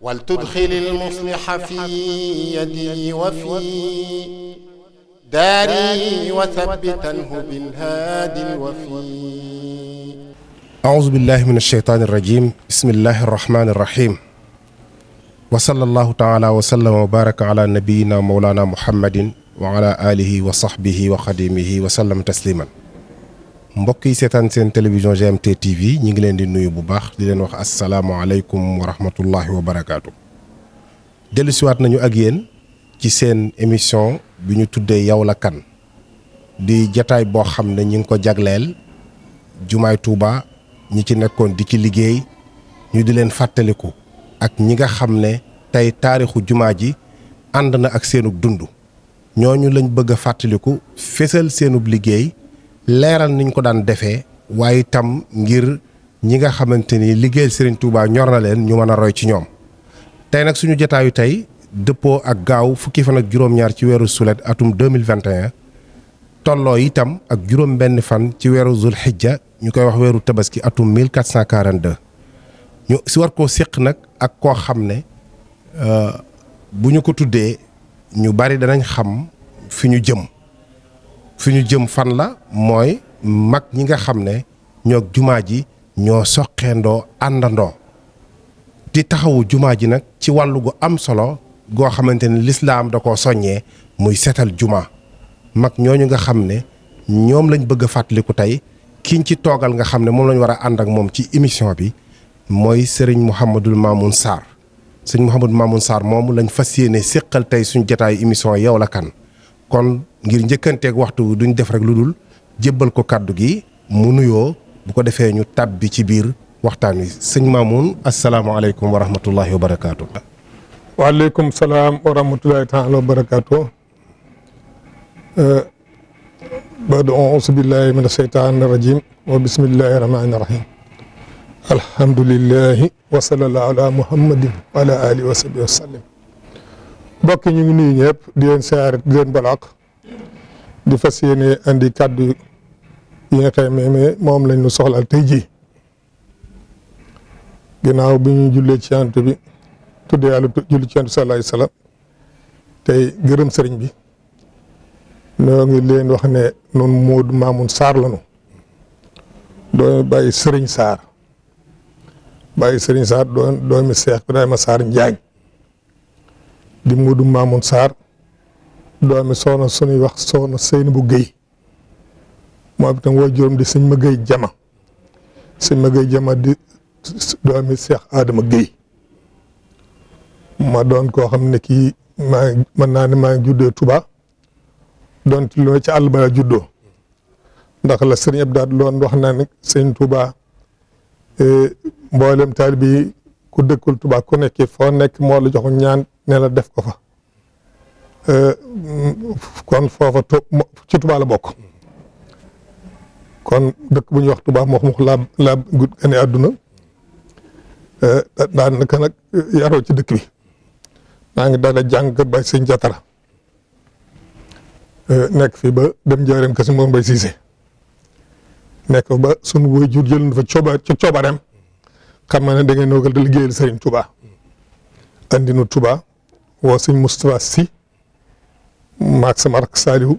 ولتدخل المصلح في يدي وفي داري وثبتنه بالهادي الوفي أعوذ بالله من الشيطان الرجيم بسم الله الرحمن الرحيم وصلى الله تعالى وسلم وبارك على نبينا مولانا محمد وعلى آله وصحبه وخديمه وسلم تسليما mbokk yi seetaan seen télévision GMT TV ñi ngi leen di nuyu bu baax di leen wax asalaamaaleykum wa rahmatullahi wa barakaatu. dellusiwaat nañu ak yéen ci seen émission bi ñu tuddee yow la kan di jataay boo xam ne ñi ngi ko jagleel jumaay tuuba ñi ci nekkoon di ci liggéey ñu di leen fàttaliku ak ñi nga xam ne tey taarixu jumaa ji ànd na ak seenub dund ñooñu lañ bëgg a fàttaliku fësal seenub liggéey leeral niñ ko daan defee waaye itam ngir ñi nga xamante ni liggéeyal Serigne Touba ñor na leen ñu mën a roy ci ñoom tey nag suñu jotaayu tey dëppoo ak gaaw fukki fan ak juróom-ñaar ci weeru sulet atum 2021 tolloo itam ak juróom benn fan ci weeru zulhijja ñu koy wax weeru tabaski atum 1442 ñu si war koo séq nag ak koo xam ne euh, bu ñu ko tuddee ñu bari danañ xam fi ñu jëm fi ñu jëm fan la mooy mag ñi nga xam ne ñoog jumaa ji ñoo soqeendoo àndandoo di taxawu jumaa ji nag ci wàllu am solo goo xamante ne lislaam da koo soññee muy setal jumaa mag ñooñu nga xam ne ñoom lañ bëgg a fàttaliku tey kiñ ci toogal nga xam ne moom lañ war a ànd ak moom ci émission bi mooy sëriñ Mouhamadul Mamoun Sarr sëriñ Mouhamadul Mamoun saar moomu lañ fas yéene séqal tey suñu jotaayu émission yow la kan kon ngir njëkkanteek waxtu duñ def rek lu dul jébbal ko kàddu gi mu nuyoo bu ko defee ñu tàbbi ci biir waxtaan wi sëñ Mamoun asalaamaaleykum wa rahmatullahi wa barakaatu. waaleykum salaam wa rahmatullahi taala wa barakaatu. badu ausu billahi min asheytaan rajim wa bismillahi rahmani rahim alhamdulillahi wa sallallahu ala muhammadin wa ala alihi wa mbokk ñu ngi nii ñëpp di leen siyaare di leen balaak di fas yéene andi kàddu yi nga xam ne moom lañ ñu soxlaal tey jii ginnaaw bi ñu jullee ci yonent bi tudde yàlla julli ci yonent sallallahu alayhi tey gërëm sëriñ bi noo ngi leen wax ne nun Moodu Maamun Saar lañu doomi bàyyi sëriñ Saar bàyyi sëriñ Saar doomi Seex ma Saar Njaañ di Modou Mamoun Sarr doomi soxna suñuy wax soxna sëyn bu Guèye moom itam woo juróom di sëñ ma Guèye jama sëñ ma Guèye jama di doomi Cheikh Adama Guèye ma doon koo xam ne kii maa ngi mën naa ne maa ngi juddoo Touba doon ci lu ne ci àll ba juddoo ndax la sëriñ Abdou loon naa ne sëñ Touba eh, mboolem taal ku dëkkul Tuubaa ku nekk foo nekk moo la jox ñaan ne def ko fa kon foofa to ci Tuubaa la bokk kon dëkk bu ñuy wax Tuubaa moo xam laa laa gudd gane àdduna daanaka nag yaroo ci dëkk bi maa ngi daal jàng bay sëñ jatara nekk fi ba dem njaareem kasi moom bay siise nekk ba sunu waajur jël na fa ci coobareem xam naa ne da ngeen noogal di liggéeyal Serigne Touba andi nu Touba woo sëñ Moustapha Sy maag sama rak Saliou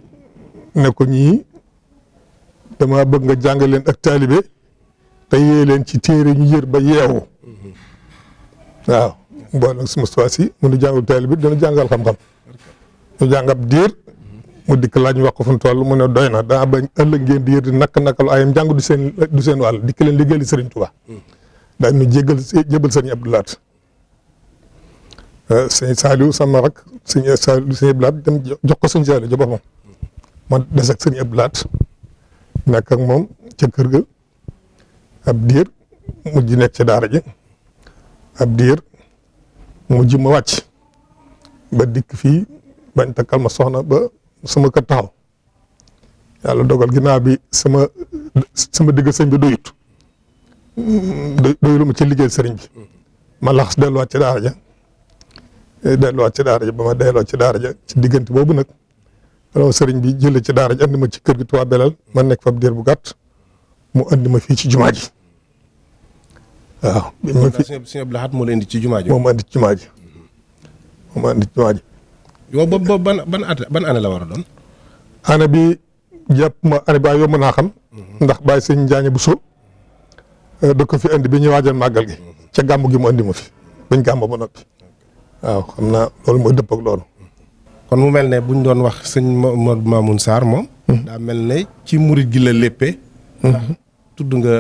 ne ko ñii dama bëgg nga jàng leen ak taalibe te yee leen ci téere ñu yër ba yeewu waaw boo nag si Moustapha Sy mu nu jàngal taalibe dana jàngal xam-xam ñu jàngab diir mu dikk laaj ñu wax ko fu mu toll mu ne doy na ba bañ ëllëg ngeen di yër di nakk-nakkalu ayam jàng du seen du seen wàll dikk leen liggéeyal Serigne tuba daal ñu jégal jébal sëñ Abdou Lahat euh, sëñ Saliou sama rak sëñ Saliou sëñ Abdou Lahat dem jox ko sëñ Saliou ci boppam man des ak nekk ak moom ca kër ga ab diir mujj nekk ci daara ji ab diir mujj ma wàcc ba dikk fii bañ takkal ma soxna ba sama kër taxaw yàlla dogal ginnaaw bi sama sama digg sëñ doyut doylu ma ci liggéey sëriñ bi ma laxas delluwaat ci daara ja eh, delluwaat ci daara ja ba ma delloo ci daara ja ci diggante boobu nag alors sëriñ bi jëlee ci daara ji andi ma ci kër gi Touba Belal ma nekk fa diir bu gàtt mu andi ma fii ci jumaa ji waaw. bi ma fi sëñ Abdou Lahad ci jumaa ji. moo ma andi ci jumaa ji andi ci jumaa ji. yow boobu ban ban at ban la war a doon. année bi jàpp ma année bi waaye yomb naa xam. Mm-hmm. ndax bàyyi sëñ Njaañ bu so Eh, dëkk ko fi indi bi ñuy waajal màggal gi ca gàmmu gi mu indi ma fi bañ gàmmu ba noppi waaw xam naa loolu mooy dëpp ak loolu. kon mu mel ne buñ doon wax sëñ Modou Mamoune Sarr moom. Hmm. daa mel ne ci murit gi la léppee. Hmm. ndax tudd nga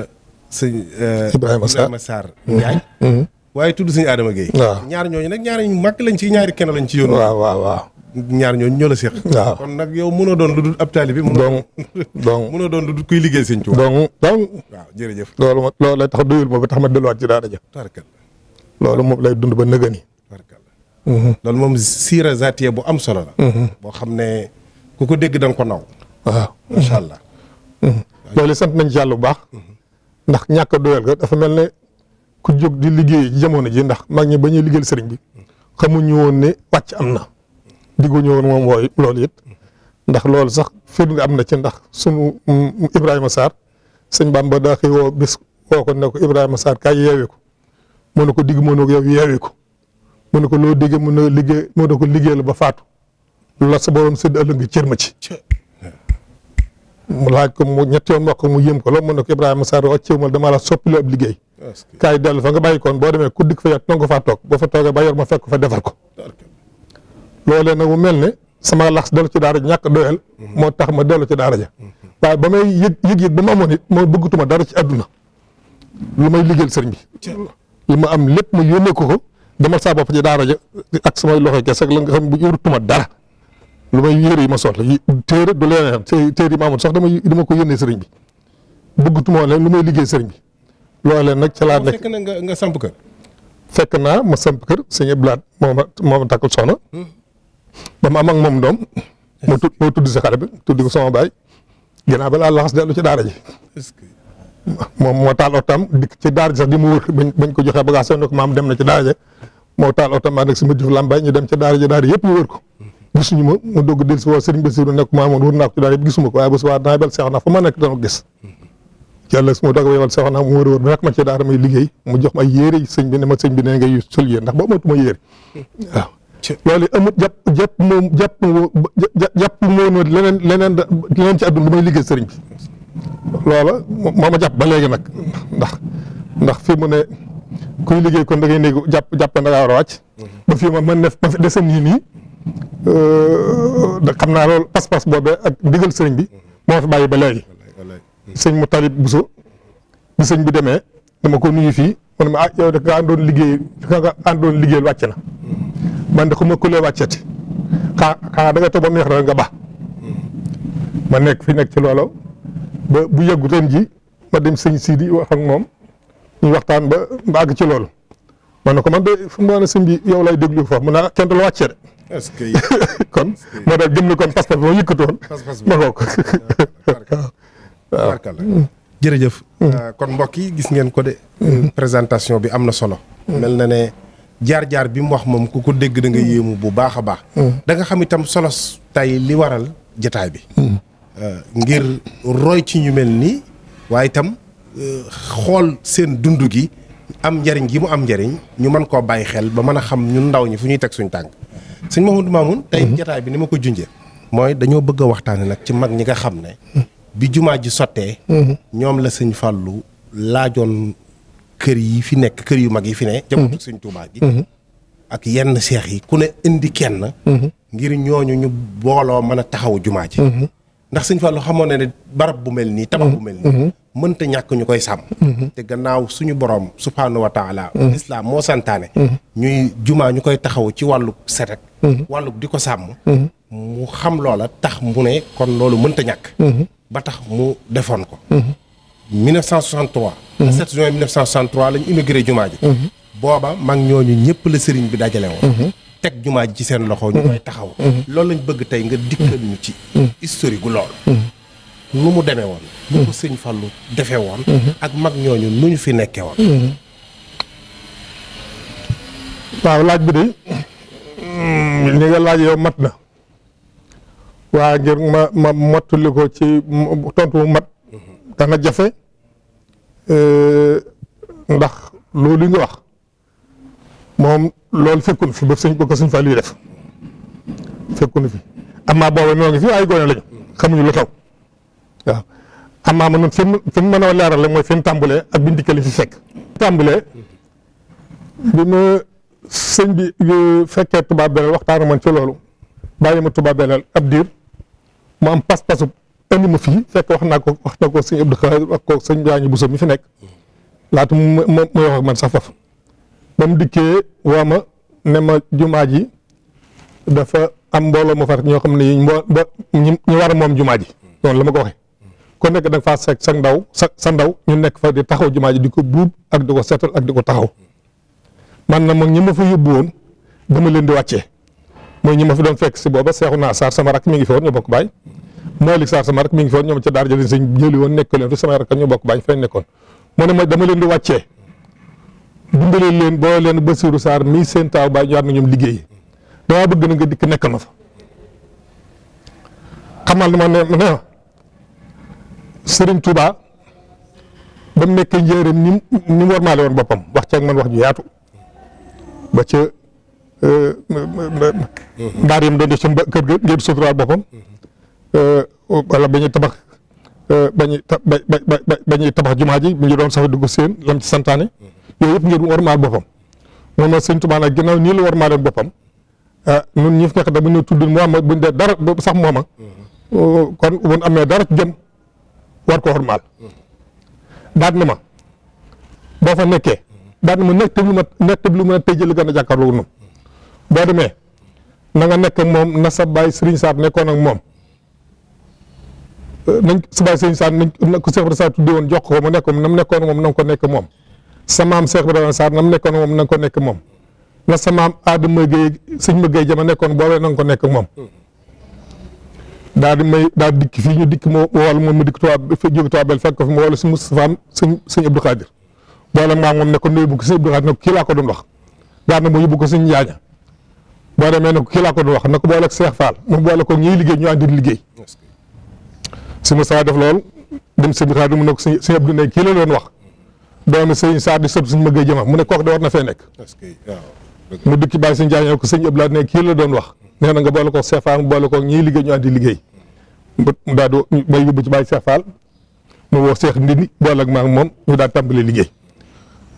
sëñ. Eh, Ibrahima Sarr Ibrahima Sarr Ndiaye. Hmm. waaye tudd sëñ Adama Gueye. waaw ñaar ñooñu nag ñaar ñu mag lañ ci ñaari kenn lañ ci yoon. waaw waaw. ñaar ñooñu ñoo la seq. waaw kon nag yow mënoo doon lu dul ab taalibe bi. donc donc mënoo doon lu dul kuy liggéey sëñ Tuubaa. donc waaw jërëjëf. loolu ma loolu lay tax doyul ma tax ma delluwaat ci daara ja. tarkal loolu moom lay dund ba nëgëni. tarkal mhm. loolu moom siira zaatiya bu am solo la. Mhm. boo xam ne ku ko dégg da ko naw. waaw macha allah. Mhm. loolu sant nañ ci yàlla bu baax. ndax ñàkk a doyal ga dafa mel ne ku jóg di liggéey jamono ji ndax mag ñi ba ñuy liggéeyal sëriñ bi xamuñu woon ne wàcc am na. ñëw woon moom wooy loolu it ndax loolu sax firnde am na ci ndax sunu Ibrahima Sarr sëñ Bamba daa xëy woo bis woo ko ne ko Ibrahima Sarr kaay ko mën na ko digg mu ne ko yow ko mu ne ko loo digg mu ne liggéey mu ne ko liggéeyal ba faatu la sa borom sëdd ëllëg nga cër ma ci. mu laaj ko mu ñett wax ko mu yëm ko loolu mu ne ko Ibrahima Sarr wàcceewu ma damaa la soppiloo ab liggéey. kaay dellu fa nga bàyyi koon boo demee ku dikk fa yàgg na nga ko faa toog boo fa toogee ba yor ma fekk fa defar ko. loolee nag mu mel ne sama lax dellu ci daara ji ñàkk doyal mhm. moo tax ma dellu ci daara ja mhm. waaye ba may yëg yëg ba ma amoon it moo bëggatuma dara ci àdduna lu may liggéey sëriñ bi li ma am lépp ma yónnee dama saa bopp ci daara ak samay loxo kese ak la nga xam bu yurtuma dara lu may yére yi ma soxla téere du leneen téere yi ma amoon sax dama dama ko yónnee sëriñ bi bëggatuma leen lu may liggéey sëriñ bi loolee nag ca laa nekk fekk nga samp kër fekk naa ma samp kër sëñ Abdoulaye moo ma moo ma takkal soxna hmm. dama am ak moom doom. moo tudd moo tudd bi xare bi tudd ko sama baay. ginnaaw ba laa laxas dellu ci daara ji. moom moo taal otam dikk ci daara ji sax di mu wër bañ ko joxee bagage ne ko maam dem na ci daara ji moo taal otam maa nag sama juf lambay ñu dem ca daara ji daara yëpp ñu ma mu dogg dellu si woo sëriñ Basiru nekk maa moon wër naa ko ci daara yëpp gisuma ko waaye bu nekk dana ko gis. yàlla su ma mu wër wër bi ma ci daara may liggéey mu jox ma yére sëñ bi ne ma sëñ bi ne ngay sul yére ndax boo matuma yére loolu amut jàpp jàpp moom jàpp jàpp moom leneen leneen leneen ci àdduna damay liggéey sëriñ bi loola moo ma jàpp ba léegi nag ndax ndax fi mu ne kuy liggéey kon da ngay néegu jàpp jàpp da war a wàcc ba fii ma mën ne ba fi desam yi nii da euh, xam naa loolu pas-pas boobee ak ndigal sëriñ bi moo fi bàyyi ba léegi sëñ mu talib buso bi sëñ bi demee dama ko nuyu fii mu ne ma ah yow da nga àndoon liggéey da nga àndoon liggéeyal wàcc na man de ku ma kulee wàccati xaa xaa da nga toog ba mu neex nga ba ma nekk fi nekk ci loolu ba bu yëggu ren ji ma dem sëñ Sidi wax ak moom ñu waxtaan ba ba àgg ci loolu man ne ko man de fu mu ne sëñ bi yow lay déglu foofu mu ne kenn du la de. ce kon moo tax gëm na kon pas-pas boo yëkkatoon. pas ma ah, ko. Mm. jërëjëf. Ah, kon mbokk yi gis ngeen ko de. Mm. présentation bi am na solo. Mm. mel na ne. jaar-jaar bi mu wax moom ku ko dégg da nga yéemu bu baax a baax mm. da nga xam itam solos tey li waral jataay bi mm. euh, ngir roy ci ñu mel nii waaye itam euh, xool seen dund gi am njariñ gi mu am njariñ ñu mën koo bàyyi xel ba mën a xam ñun ndaw ñi fu ñuy teg suñ tànk ma Mouhamadou Mamoun tey mm-hmm. jataay bi ni ma ko junjee mooy dañoo bëgg a waxtaane nag ci mag ñi nga xam ne mm. bi jumaa ji sottee mm-hmm. ñoom la sëñ Fallou laajoon kër yi fi nekk kër yu mag yi fi ne mhm. jamono suñ Tuubaa gi mhm. ak yenn seex yi ku ne indi kenn mhm. ngir ñooñu ñu booloo mën a taxaw jumaa ci ndax sëñ Fallou xamoon na ne barab bu mel nii tabax bu mel nii mënta koy sàmm gannaaw suñu borom subhaanahu wa taala islam moo santaane ñuy jumaa ñu koy taxaw ci wàllu set rek di ko sàmm mu xam loola tax mu ne kon loolu mënta ñàkk ba tax mu defoon ko 1963. le 7 juin 1963 lañ inauguré jumaa ji. Mhm. booba mag ñooñu ñëpp la sëriñ bi dajale woon. Mhm. teg jumaa ji ci seen loxo ñu mhm. koy taxaw. loolu lañu bëgg tey nga dikkal ñu ci. historique gu lool. nu mu demee woon. nu ko sëñ Fallou defee woon. ak mag ñooñu nu ñu fi nekkee woon. waaw laaj bi de mm, li nga laaj yow mat na. waa ngir ma ma mottali ko ci tontu mat. dana jafe. Euh, ndax loolu nga wax moom loolu fekkoon fi ba sëñ ko ko sëñ Fallou def fekkoon fi amaa booba noo ngi fi ay gone lañu xamuñu lu ma noonu fi mu fi mu mën a leeral mooy fi mu tàmbalee ak bi ndikkali fi fekk tàmbalee bi ma bi fekkee tubaab beleel waxtaan man ci loolu bàyyi ma tubaab beleel ab diir mu am pas-pasu indi ma fii fekk wax naa ko wax na ko sëñ Abdou Khadre wax ko sëñ Njaañ Buso mi fi nekk laata mu ma ma man sax foofu ba mu dikkee woo ma ne ma jumaa ji dafa am mbooloo ma far ñoo xam ne mbo ñu war a moom jumaa ji noonu la ma ko waxee ku nekk da fa faa seet sa ndaw sa sa ndaw ñu nekk fa di taxaw jumaa ji di ko buub ak di ko seetal ak di ko taxaw man na moom ñi ma fa yóbbu woon dama leen di wàccee mooy ñi ma fi doon fekk si booba seexu naa saar sama rakk mu ngi fi woon ñu bokk baay Malick Sarr sama rek mi ngi fi woon ñoom ca daar jëliñ sëñ jëli woon nekk leen fi sama rak ñu bokk baañ fay nekkoon mu ne ma dama leen di wàccee dimbalee leen boo leen Basiirou saar mii seen taaw bàyyi ñu war na ñoom liggéey dikk nekkal ma fa xamal ma ne ne ba mu nekk njëriñ ni ni mu woon boppam wax ci ak man wax ju yaatu ba ca ndaar yi mu doon def ca kër ga ngeen suturaal boppam mm-hmm. Euh, euh, wala ba ñuy tabax euh, ba ñuy ba ba ba ñuy tabax jumaa ji mu ngi doon sax dugg seen lam ci santaane yooyu yëpp ngir warmaal boppam moom nag sëñ Tuubaa nag ginnaaw nii la warmaaloon boppam ah ñun ñi fi nekk da bu ñu tudd moom buñ dee dara sax mooma kon buñ amee dara ci jëm war ko warmaal daat na ma boo fa nekkee daat na ma nekk tëb lu ma nekk tëb lu ma tëjee lu gën a jàkkaarloo noonu boo demee na nga nekk moom na sa bàyyi sëriñ Saar nekkoon ak moom nañ su bàyyi sëñ Saar nañ ko Cheikh Ibrahima Sarr tuddee woon jox ko mu nekk moom na mu nekkoon moom na nga ko nekk moom sa maam Cheikh Ibrahima Sarr na mu nekkoon moom na nga ko nekk jama nekkoon boobee na ko nekk moom daal di may daal dikk fii ñu dikk moo wala moom mu dikk Touba jóge Touba Bel fekk ko fi ma wala si Moustapha am sëñ sëñ Abdou Khadir boole maam moom ne ko nuyoo bu ko sëñ Abdou Khadir ne ko kii laa ko doon wax daal na ma yóbbu ko sëñ Njaaña boo demee ne ko kii laa ko doon wax na ko boole ak Cheikh Fall mu boole ko ñiy liggéey ñu àndi liggéey su si Moustapha def lool dem sëñ Xaadim mu ne ko sëñ Abdou ne kii la doon wax doomi sëñ Saar di sëb suñ mëggee jëma mu ne kooku de na fee nekk mu dikki bàyyi sëñ Jaañ ko sëñ Abdou ne kii la doon wax nee na nga boole ko Cheikh Fall mu boole ko ñiy liggéey ñu àndi liggéey mu daal bay yóbbu ci bàyyi Cheikh Fall mu woo Cheikh Ndindi boole ak maa moom ñu daal tàmbali liggéey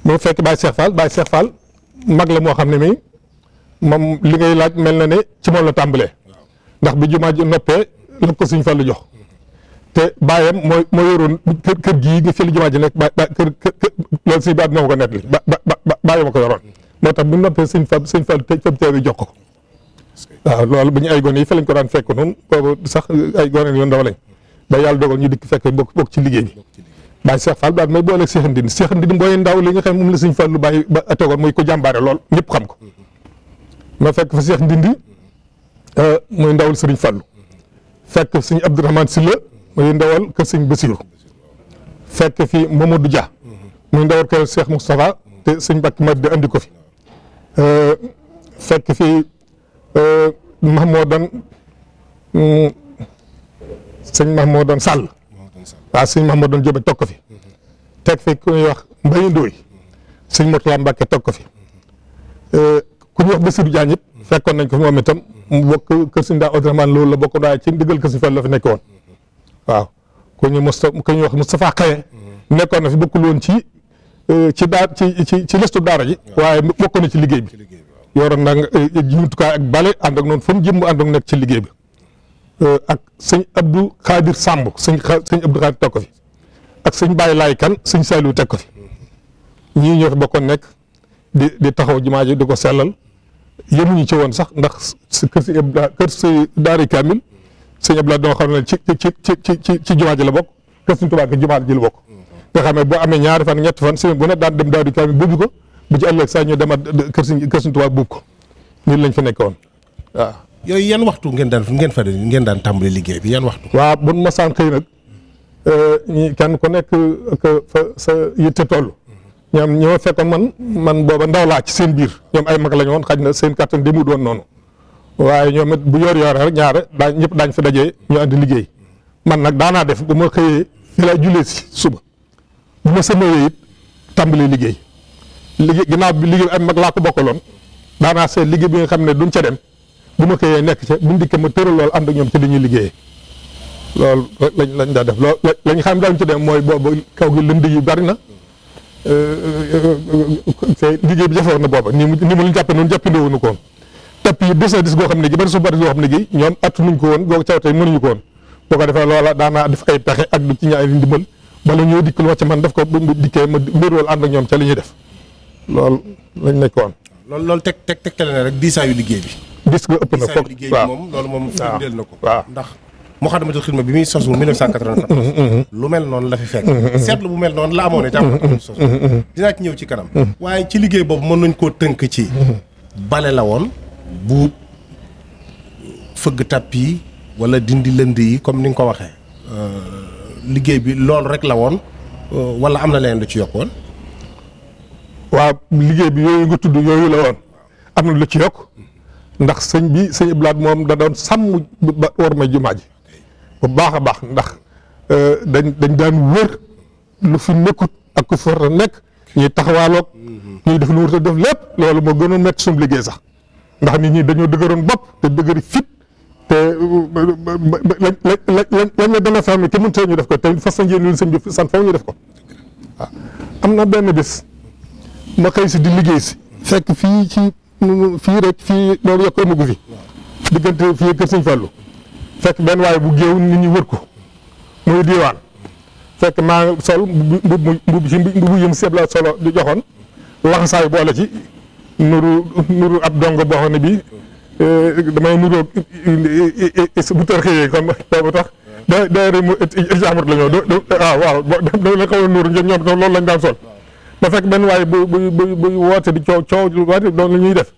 mu fekk bàyyi Cheikh Fall bàyyi seex Fall mag la moo xam ne mi moom li ngay laaj mel na ne ci moom la tàmbalee ndax bi jumaa ji noppee la ko sëñ Fallu jox te bàyyam mooy moo yoroon kër kër gii nga fii la jumaa ji nekk ba ba kër kër loolu sëñ bi àdduna ko nettali ba ba bàyyi ma ko yoroon moo tax bu noppee sëñ Fall sëñ Fall te fab teewi jox ko waaw loolu bu ñu ay gone yi fa lañ ko daan fekk noonu boobu sax ay gone yu ndaw lañ ba yàlla dogal ñu dikk fekk bokk bokk ci liggéey bi bàyyi Cheikh Fall daal may booleeg Cheikh Ndine Cheikh Ndine booy ndaw li nga xam moom la sëñ Fall lu bàyyi ba tegoon muy ko lool ñëpp xam ko ma fekk fa Cheikh Ndindi euh, muy ndawul sëriñ Fallu fekk sëñ muy ndawal kër sëñ Basiru fekk fi Mamadou Dia muy ndawal kër Cheikh Moustapha te sëñ Mbàkke Madina indi ko fi euh, fekk fi Mahmoudan sëñ Mahmoudan Sall waaw sëñ Mahmoudan Jóob toog ko fi teg fi ku ñuy wax Mbaye Ndoye sëñ Murtala Mbàkke toog ko fi euh, ku ñuy wax Basiru Jaañ it fekkoon nañ ko fi moom itam mu bokk kër sëñ daa Abdurahmaan loolu la bokkoon waaye ci ndigal kër sëñ Fallu la fi nekk woon waaw ko ñu Musta ku ñu wax Moustapha Kaye nekkoon na fi bokk woon ci euh, ci daa ci ci ci lestu daara ji waaye bokk na ci liggéey bi yoroon na euh, jumtukaay ak bale ànd ak noonu fa mu jëm mu ànd ak nekk ci liggéey bi euh, ak sëñ Abdou Khadir Samb sëñ sëñ Abdou Khadir teg ko fi ak sëñ Baye Laay Kan sëñ Saliou teg ko fi ñii ñoo fi bokkoon nekk di di taxaw jumaa ji di ko sellal yemuñu ci woon sax ndax kër si kër si sëñ Abdoulaye dama xam ne ci ci ci ci ci ci jumaa ji la bokk kër Sëñ Tuubaa jumaa ji la bokk nga xam ne boo amee ñaari fan ñetti fan semaine bu ne daan dem daaw di kaamil bubbi ko bu ci ëllëg saa ñu demaat kër Sëñ kër ko nii lañ fa nekkoon waaw yooyu yan waxtu ngeen daan ngeen fa ngeen daan tàmbali liggéey bi yan waxtu waaw bu ma saan xëy nag euh, ñi kenn ku nekk fa sa yitte toll ñoom ñoo fekkoon man man booba ndaw laa ci seen biir ñoom ay mag la woon xaj na seen kattan demu doon noonu waaye ñoom bu yor yor rek ñaare daañ ñëpp daañ fa dajee ñu andi liggéey man nag daanaa def bu ma xëyee fi lay jullee si suba bu ma sëmawee it tàmbali liggéey liggéey ginnaaw bi liggéey am mag laa ko bokkaloon daanaa seet liggéey bi nga xam ne duñ ca dem bu ma xëyee nekk ca buñ dikkee ma tëral loolu ànd ak ñoom ci li ñuy liggéeyee lañ lañ daa def loolu lañ xam daañ ci dem mooy boobu kaw gi lënd yi bari na euh, euh, euh, te liggéey bi jafewoon na booba ni mu ni mu jàppe noonu jàppandoo woonu koon tapis yi des a des goo xam ne gi ban suuf batis man daf ko dikkee ma mbérool ànd loolu lañ nekkoon loolu loolu rek diisaayu liggéey bi dis nga ëpp na foog liggéey bi moom loolu moom firndeel na ko waaw ndax Moukhaddamatoul Khidma bi muy sosu 1984 mm-hmm, mm-hmm. lu mel noon la fi fekk mm-hmm, seetlu bu mel noonu la amoon jàmm sos dinaa ci ñëw ci kanam waaye ci liggéey boobu mën nañ koo tënk ci bale la woon buub fëgg tàpp yi wala dindi lënd yi comme ni nga ko waxee euh, liggéey bi loolu rek la woon euh, wala am na leen lu ci yokk woon waaw liggéey bi yooyu nga tudd yooyu la woon am na lu ci yokk ndax sëñ bi sëñ Abdoulaye moom da doon sàmm ba war ma jumaa ji bu baax a baax ndax euh, dañ dañ daan wër lu fi nekkut ak ku fi war a nekk ñuy taxawaaloog mm-hmm. ñuy def lu mu def lépp loolu moo gënoon metti suñu liggéey sax ndax nit ñi dañoo dëgëroon bopp te dëgëri fit te lañ lañ la dana femme te mënut ñu def ko te fas yéene lu sëñ bi sant foofu ñu def ko waaw. am na benn bés ma xëy si di liggéey si fekk fii ci fii rek fii loolu yokk amagu fi diggante fii kër Sëñ Fallou fekk benn waaye bu géew nit ñi wër ko muy diwaan fekk maa sol mbubu mbubu mbubu yi mu seeb la solo di joxoon laxasaay boole ci. nuru nuru ab dongo boo xam ne bii eh, damay nuroo eh, bu tarxiyee kon ba tax da daayira mu jaamur la ñëw ah, waaw waaw da la xaw a nuur ñoom loolu lañ daan sol ba fekk benn waaye bu bu bu buy woote di coow coow woote doon la ñuy def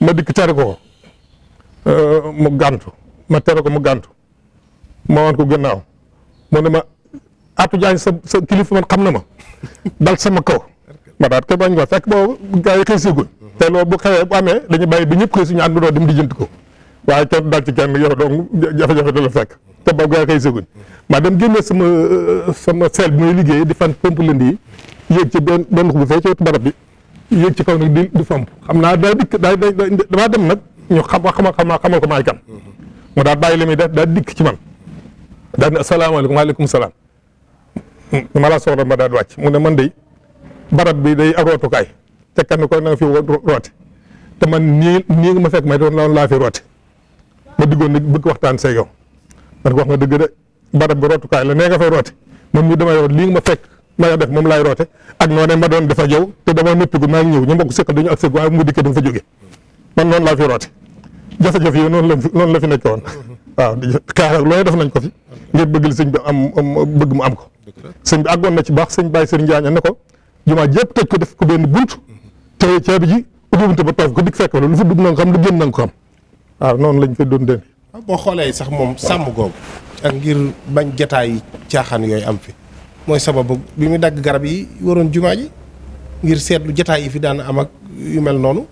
ma dikk tere ko eh, mu gàntu ma tere ko mu gàntu ma wan ko gannaaw mu ne ma atu jaañ sa sa man xam na ma dal sama kaw ma daat ko bañ ko fekk boobu gaa yi xëy sigul te loolu bu xewee bu amee dañu bàyyi bi ñëpp xëy suñu àndandoo dem di jënd ko waaye kenn daal ci kenn yow donc jafe-jafe da la fekk te boobu gaa xëy seguñ maa dem génne sama euh, sama seel bi liggéey di fan pompe lënd yéeg ci benn benn xubu fee bi yéeg ci kaw nag di di xam naa daa dikk daa damaa dem nag ñu xam xama xama xamal ko maay kan mu daal bàyyi li muy def daal dikk ci man daal ne asalaamaaleykum waaleykum salaam ma laa soxla ma daal wàcc mu ne man de barab bi day ak rootukaay te kenn ko na nga fi roote te man nii nii nga ma fekk may doon loolu laa fi roote ma diggoon nag bëgg waxtaan see yow man wax nga dëgg de barab bi rootukaay la nee nga fay roote man mii damay root lii nga ma fekk ma def moom laay roote ak noonee ma doon def ak yow te dama noppigu maa ngi ñëw ñu mbokk sëkkal dañu ak da nga fa jóge man noonu laa fi roote jafe-jafe yi noonu la noonu la fi nekk woon waaw xaaral looy def nañ ko ci baax sëñ bàyyi sëriñ Njaañ ne ko jumaa jépp tëj ko def ko benn bunt tey caabi ji ubbi buntu ba toof ko dikk fekk lu fa dugg na nga xam lu génn na ko xam waaw noonu lañ fay doon dégg. boo xoolee sax moom sàmm googu ak ngir bañ jataay caaxaan yooyu am fi mooy sababu bi mu dagg garab yi waroon jumaa ji ngir seetlu jataay yi fi daan am ak yu mel noonu.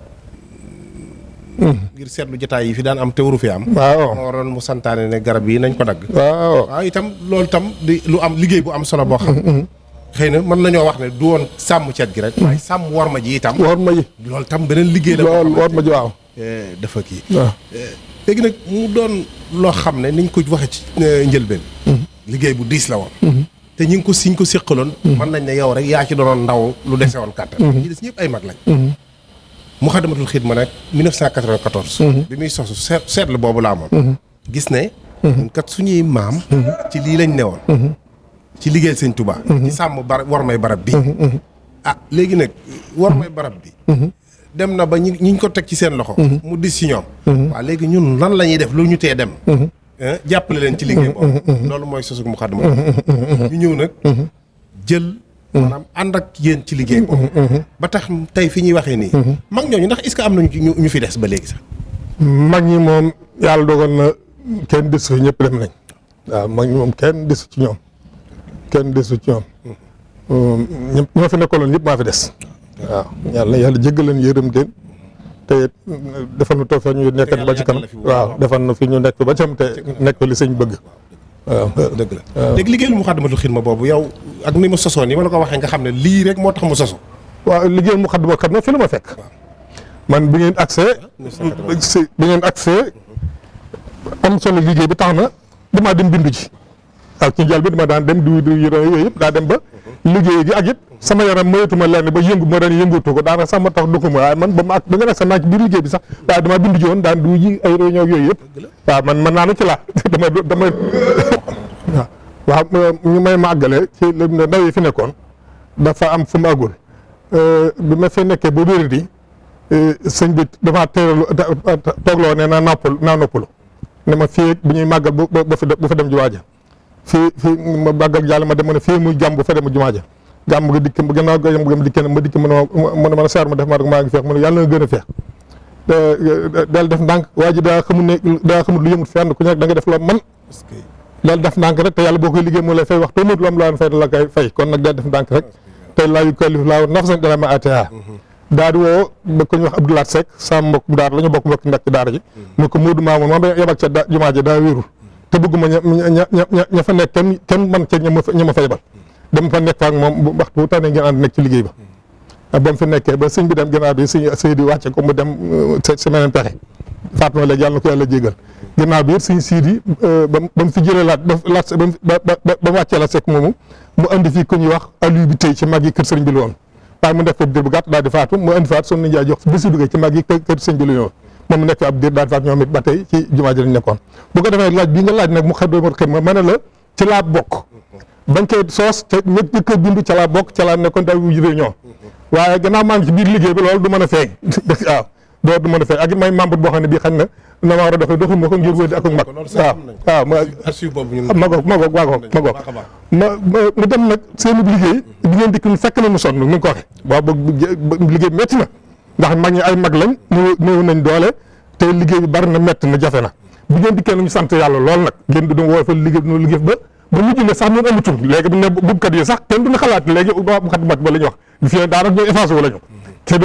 Hmm. ngir seetlu jataay yi fi daan am te waru fi am. waaw waroon mu santaane ne garab yi nañ ko dagg. waaw waaw itam loolu tam di lu am liggéey bu am solo boo xam. Hmm, hmm. xëy na mën nañoo wax ne du woon sàmm cet gi rek. Hmm. waaye sàmm worma ji itam. worma ji loolu tam beneen liggéey la. loolu worma ji waaw. Eh, dafa kii. waaw ah. eh, léegi nag mu doon loo xam ne niñ ko waxee ci eh, njëlbeen. Hmm. liggéey bu diis la woon. Hmm. te ñi ngi ko siñ ko séqaloon. mën nañ ne yow rek yaa ci doonoon ndaw lu dese woon kàttan. ñi des ñëpp ay mag lañ. Muxaddamatul Xidma nag 1994. bi muy sosu seetlu boobu laa moom. gis ne. kat suñuy maam. ci lii lañ ne newoon. ci liggéey sëñ Touba. Mhm. ci sàmm barab war may barab bi mhm, mhm. ah léegi nag war may barab bi dem na ba ñi ñu ko teg ci seen loxo mu dis ci ñoom waaw léegi ñun lan la ñuy def lu ñu tee dem eh, jàppale leen ci liggéey boobu loolu mooy sosug Muxaddamatul Xidma ñu ñëw nag jël maanaam ànd ak yéen ci liggéey boobu ba tax tey fi ñuy waxee nii mag ñooñu ndax est-ce am nañu ñu fi des ba léegi sax mag ñi moom yàlla dogal na kenn desu fi ñëpp dem nañ waaw mag ñi moom kenn desu ci ñoom kenn desu ci ñoom um, ñoo fi nekkaloon yëpp maa fi des waaw yàlla yàlla jéggal leen yërëm leen te defal nu toog fa ñu nekkat ba ci kanam waaw defal na fi ñu nekk ba ci am te nekk li sëñ bëgg waaw dëgg la léegi liggéeyal Moukhaddamatoul Khidma boobu yow ak ni mu sosoo ni ma la ko waxee nga xam ne lii rek moo tax mu soso waaw liggéeyal Moukhaddamatoul Khidma fi la ma fekk man bi ngeen accès bi ngeen accès am solo liggéey bi tax na damaa dem bindu ji ak ci njëlbéen ma daan dem du du yëpp daa dem ba liggéey gi ak it sama yaram mayatuma lenn ba yëngu ma daan yëngatu ko daanaka sax ma tax du ko a waaye man ba ma ak da nga nekk ci bi sax waaye damaa bindu joon daan du ji yëpp waaw man man naa laa dama dama waaw waaw ñu may ma àggale ci ndaw yi fi nekkoon dafa am fu mu àggul euh, bi ma fee nekkee ba wér di euh, sëñ bi damaa teeralu toogloo ne naa noppalu naa noppalu ne ma fii bu ñuy màggal bu bu fi dem ji waajal fii fii ma bàgg ak yàlla ma dem ma ne fii muy jàmb fa dem jumaa ja jàmm nga dikk gannaaw ga yam dikkee ne ma dikk mën ma mën a saar ma def ma maa ngi feex mu ne yàlla na gën a feex eh, daal def ndànk waa ji daa xamul ne daa xamul lu yëmut fenn ku nekk da nga def loo man daal def ndànk rek te yàlla boo koy liggéey moo lay fay wax toomut lu am laa fay la koy fay kon nag daal def ndànk rek te laa yu kalif laa nafsan illaa maa aataahaa daal di woo ba ko ñu wax Abdoulaat Seck sama mbokk daara la ñu bokk mbokk nekk daara ji mm-hmm. mu ko Moodu Maamoun moom yebal ca jumaa ji daa wéeru te bëgguma ña ña ña ña fa nekk kenn kenn man cee ña ma fa ma fa yebal dama fa nekk fa ak moom waxtu bu tànnee ngeen ànd nekk ci liggéey ba. Ah, ba mu fi nekkee ba sëñ bi dem ginnaaw bi sëñ sëñ di wàcce ko mu dem euh, semaine pexe Fatma léegi yàlla na ko yàlla jégal. ginnaaw bi it sëñ Sidi ba mu euh, ba mu fi jëlee laat ba laat ba ba ba wàccee la sekk moomu mu andi fii ku ñuy wax alu bi tey ci mag yi kër sëñ bi lu woon waaye mu def ko diir bu gàtt daal di faatu mu andi faat sunu a jox bés bu duggee ci mag yi kër sëñ bi lu woon moom nekk ab diir daan faat ñoom ba tey ci jumaa ji nekkoon bu ko defee laaj bi nga laaj nag mu xëy a la ci laa bokk bañ koy soos te ñëpp ñëpp a bind ca laa bokk ca laa a feeñ waaw doo du mën a feeñ ak may membre boo xam ne bii xañ na na ma war a doxee doxul ma ko ngir wéy ak mag waaw waaw ma goog ma ma goog ma mu dem nag liggéey bi ngeen dikk fekk na mu sonn ni nga ko waxee waaw liggéey métti na ndax mag ñi ay mag lañ néew nañ doole te liggéey bi bari na métti na jafe na bu ngeen dikkee ñu sant yàlla lool nag ngeen di doon wooy fa liggéey bi liggéey ba ba mujj ne sax ñun amatul léegi bu ne bubkat yi sax kenn duñu xalaat léegi muxaddimat ba la ñu wax ñu fiyee daanaka ñooy effacé wu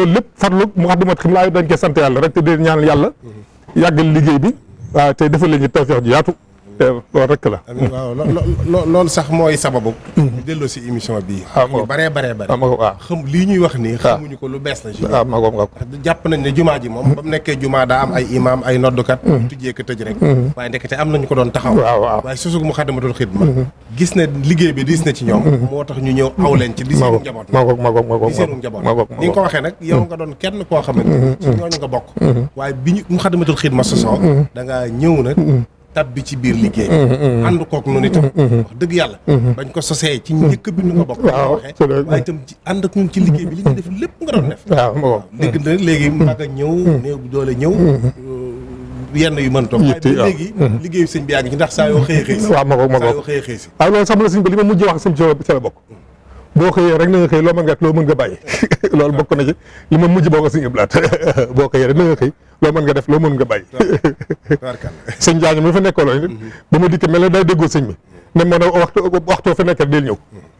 lépp farlu muxaddimat sant yàlla rek te dee ñaanal yàlla mm-hmm. yàggal liggéey bi waaw te defal leen ñu tawfeex ji yaatu Eh, loolu rek la. waaw loolu sax mooy sababu. Mm-hmm. ñu delloo si émission bii. ah ma ko bëree bëree bëri. waaw xam lii ñuy wax nii. Ah. xamuñu ko lu bees la. si waaw ah, ma ko jàpp nañ ne jumaa ji moom. ba mu nekkee jumaa daa am ay imaam ay noddukat. Mm-hmm. tujjee ko tëj rek. Mm-hmm. waaye ndekete am nañu ko doon taxaw. waaw waaw waaye su mu xadamatul xidma. gis na liggéey bi diis na ci ñoom. moo tax ñu ñëw aw leen ci. di seenu njaboot ma ko ma ko ma ko di seenu njaboot ni nga ko waxee nag yow nga doon kenn koo xamante. ci ñooñu nga bokk. waaye bi ñu mu xadamatul xidma sosoo da nga ñëw nag tab bi ci biir liggéey mm-hmm, mm-hmm. ànd kook noonu tam mm-hmm, wax dëgg yàlla bañ ko sosee ci njëkk bi nu ko bokk waxee waaye itam ci ànd ak ñun ci liggéey bi li ñu def lépp nga doon def waaw dégg na léegi mag a ñëw néew bu doole ñëw uh, yenn yu mën toog waaye léegi liggéeyu sëñ bi yàgg ci ndax saa yoo xëy xëy si waaw ma ko ma ko saa si waaw loolu sax mu la sëñ li ma mujj wax sëñ bi ci la bokk boo xëyee rek na nga xëy loo mën nga loo mën nga bàyyi loolu bokk na ci ma mujj boo ko sëñ Ablaat boo xëyee rek na nga xëy loo mën nga def loo mën nga bàyyi sëñ Jaañ mi fa nekkoon ba ma dikk mel na day déggoo sëñ mi ne ma ne waxtu waxtoo fa nekkal del ñëw mm-hmm.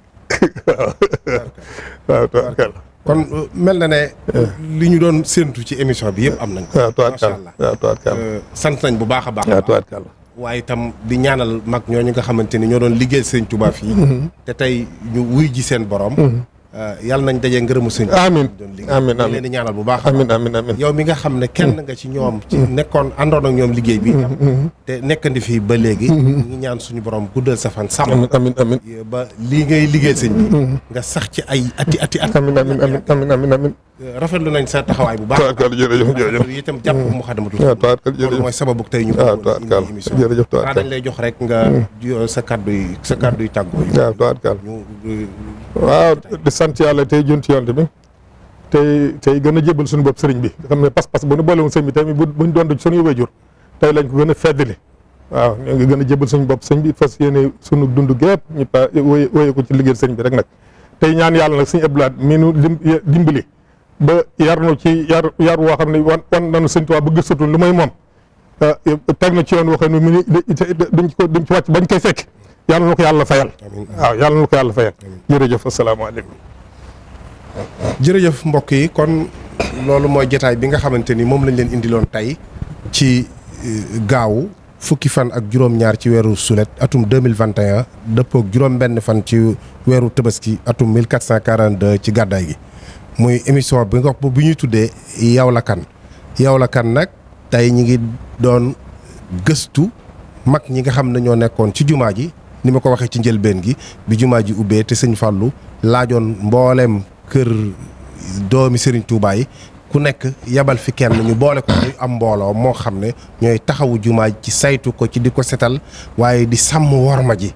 waaw tubaarkàlla kon uh, mel na ne li ñu doon séentu ci émission bi yëpp am nañ ko waaw tubaarkàlla waaw tubaarkàlla uh, sant nañ bu baax a baax waaw tubaarkàlla waaye itam di ñaanal mag ñoo ñu nga xamante ni ñoo doon liggéey sëñ Tuubaa fii. Mm-hmm. te tey ñu wuy ji seen borom. Mm-hmm. Euh, yàlla nañ dajee ngërëmu suñ amiin amiin amiin leen di ñaanal bu baax amiin amiin amiin yow mi nga xam ne kenn nga ci ñoom ci mm-hmm. nekkoon àndoon ak ñoom liggéey bi mm-hmm. Mm-hmm. te nekkandi fii ba léegi ñu ñaan suñu borom guddal sa fan sàmm amiin amiin ba lii ngay liggéey sëñ bi nga sax ci ay ati ati at amiin amiin amiin amiin amiin rafetlu nañ sa taxawaay bu baax tawakkal jërëjëf jërëjëf itam jàpp mu xadamatul tawakkal jërëjëf mooy sababu tey ñu tawakkal jërëjëf tawakkal dañ lay jox rek nga sa kàddu yi sa kàddu yi tàggoo yi tawakkal waaw di sant yàlla tey junti yont bi tey tey gën a jébal suñu bopp sëriñ bi nga xam ne pas-pas bu nu boole woon sëriñ bi tey buñ doon suñuy wéjur tey lañ ko gën a feddali waaw ñu gën a jébal suñu bopp sëñ bi fas yéene suñu dund gépp ñu pa wéye ko ci liggéey sëriñ bi rek nag tey ñaan yàlla nag suñu eblaat mi nu dimbali ba yar nu ci yar yar woo xam ne wan wan nañu sëriñ Tuubaa bëgg sutul lu may moom ah, teg na ci yoon waxee nu mu duñ ko duñ ci wàcc bañ koy fekk yàlla na ko yàlla fayal. waaw yàlla na ko yàlla fayal. jërëjëf mbokk yi kon loolu mooy jotaay bi nga xamante ni moom lañ leen indiloon tey ci eh, gaaw fukki fan ak juróom-ñaar ci weeru sulet atum deux mille vingt et juróom-benn fan ci weeru tabaski atum mille quatre cent quarante ci gàddaay gi. muy émission bi nga xam bu ñuy tuddee yow la yow la nag tey ñi ngi doon gëstu mag ñi nga xam ne ñoo nekkoon ci jumaa ji. ni ma ko waxee ci njëlbeen gi bi jumaa ji ubbee te sëñ Fallou laajoon mbooleem kër doomi Serigne Touba ku nekk yabal fi kenn ñu boole ko ñu am mbooloo moo xam ne ñooy taxawu jumaa ji ci saytu ko ci di ko setal waaye di sàmm worma ji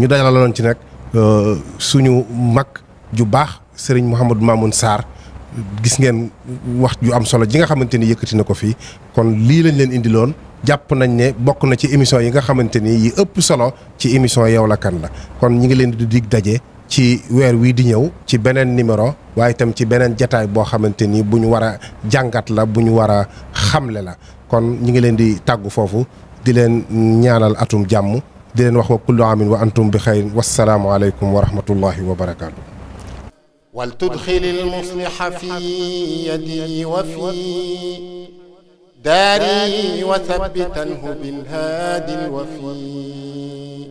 ñu dajaloon ci nag euh, suñu mag ju baax Serigne Mouhamadou Mamoun Sarr gis ngeen wax ju am solo ji nga xamante ni yëkkati na ko fii kon lii lañ leen indiloon jàpp nañ ne bokk na ci émission yi nga xamante ni yi ëpp solo ci émission yow la kan la kon ñi ngi leen di dig daje ci weer wii di ñëw ci beneen numéro waaye itam ci beneen jataay boo xamante ni bu ñu war jàngat la bu ñu war a xamle la kon ñi ngi leen di tàggu foofu di leen ñaanal atum jàmm di leen wax wa kullu amin wa antum bi xayr wassalaamu aleykum wa rahmatullahi wa barakaatu wal tudxilil musliha fi yadi wa fi داري وثبتنه بالهادي الوفي